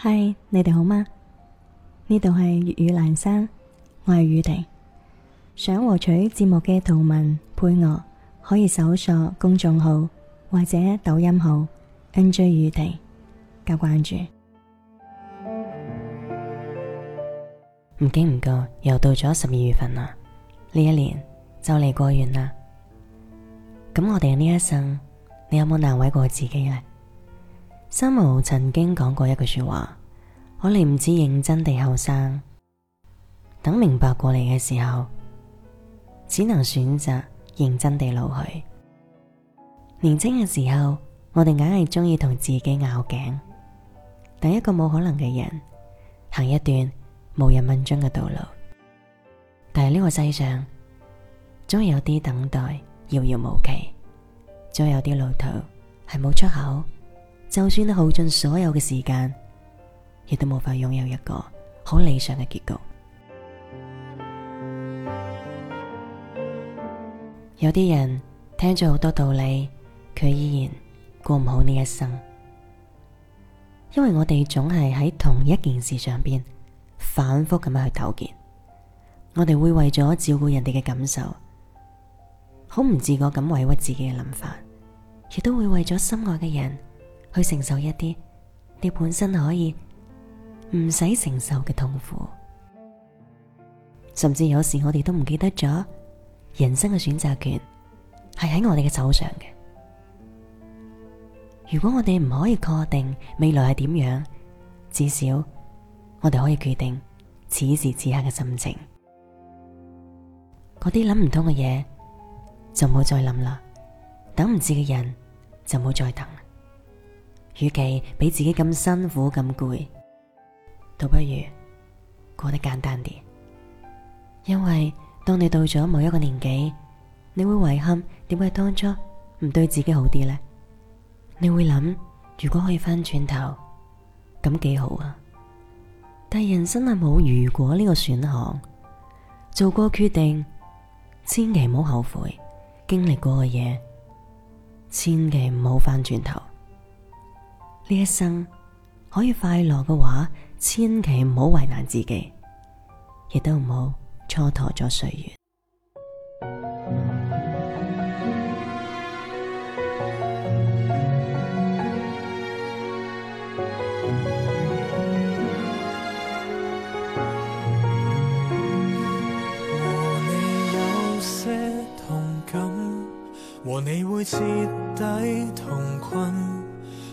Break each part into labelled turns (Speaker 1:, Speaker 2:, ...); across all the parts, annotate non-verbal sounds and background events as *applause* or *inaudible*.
Speaker 1: 嗨，Hi, 你哋好嗎？呢度係粵語蘭山，我係宇婷。想獲取節目嘅圖文配樂，可以搜索公眾號或者抖音號 NJ 宇婷加關注。唔經唔覺，又到咗十二月份啦，呢一年就嚟過完啦。咁我哋嘅呢一生，你有冇難為過自己呢？三毛曾經講過一句說話：我哋唔止認真地後生，等明白過嚟嘅時候，只能選擇認真地老去。年輕嘅時候，我哋硬係中意同自己拗頸，等一個冇可能嘅人，行一段無人問津嘅道路。但係呢個世上，總係有啲等待遙遙無期，總有啲路途係冇出口。就算耗盡所有嘅時間，亦都無法擁有一個好理想嘅結局。 *music* 有啲人聽咗好多道理，佢依然過唔好呢一生。因為我哋總係喺同一件事上邊反復咁樣去糾結，我哋會為咗照顧人哋嘅感受，好唔自覺咁委屈自己嘅諗法，亦都會為咗心愛嘅人。去承受一啲你本身可以唔使承受嘅痛苦，甚至有時我哋都唔記得咗人生嘅選擇權係喺我哋嘅手上嘅。如果我哋唔可以確定未來係點樣，至少我哋可以決定此時此刻嘅心情。嗰啲諗唔通嘅嘢，就唔好再諗啦，等唔至嘅人就唔好再等。與其俾自己咁辛苦咁攰，倒不如過得簡單啲。因為當你到咗某一個年紀，你會遺憾點解當初唔對自己好啲呢？你會諗如果可以翻轉頭，咁幾好啊！但人生係冇如果呢個選項，做過決定，千祈唔好後悔，經歷過嘅嘢，千祈唔好翻轉頭。呢一生可以快樂嘅話，千祈唔好為難自己，亦都唔好蹉跎咗歲月。
Speaker 2: 和你有些同感，和你會徹底同困。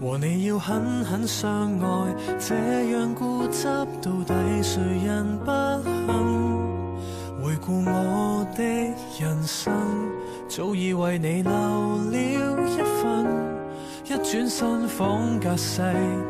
Speaker 2: 和你要狠狠相愛，這樣固執到底，誰人不肯？回顧我的人生，早已為你留了一份。一轉身仿隔世，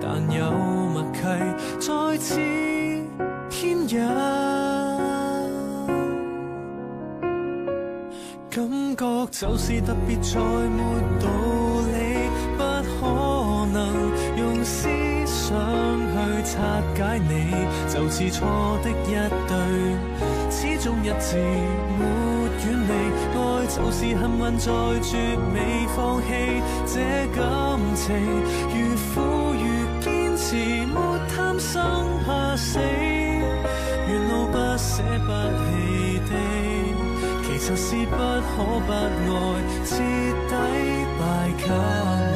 Speaker 2: 但有默契再次牽引。感覺就是特別，再沒道理，不可。用思想去拆解你，就似錯的一對，始終一致，沒遠離。愛就是幸運，在絕未放棄這感情，愈苦愈堅持，沒貪生怕死，沿路不捨不棄的，其實是不可不愛，徹底敗給。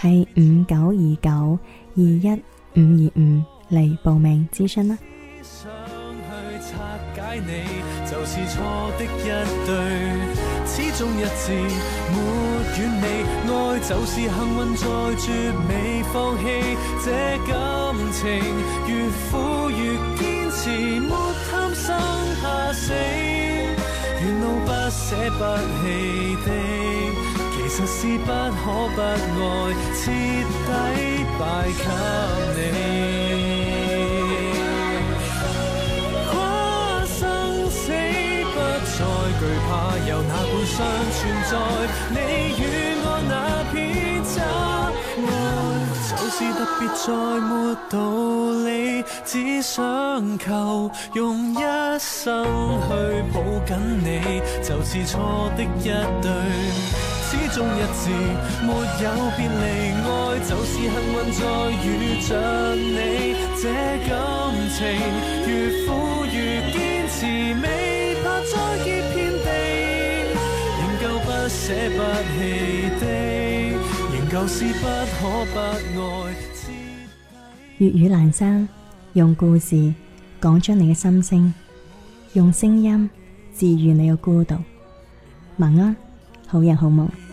Speaker 1: 係五九二九二一五二五嚟報名諮詢
Speaker 2: 啦！你想去拆解你，就是錯的一對，始終一沒遠離，愛就是幸運在絕未放棄這感情越苦越堅持，沒貪生怕死，沿路不捨不棄的是不可不愛，徹底敗給你。跨生死不再懼怕，有哪本相存在？你與我那片真愛，就是特別再沒道理，只想求用一生去抱緊你，就是錯的一對。始終一次沒有別離，愛就是是幸運。再遇着你，這感情如苦如堅持，未怕再結遍地，仍舊不捨不棄地，仍舊是不可不愛徹底。
Speaker 1: 粵不語闌珊，用故事講出你嘅心聲，用聲音治愈你嘅孤獨。晚安、啊。好人好夢。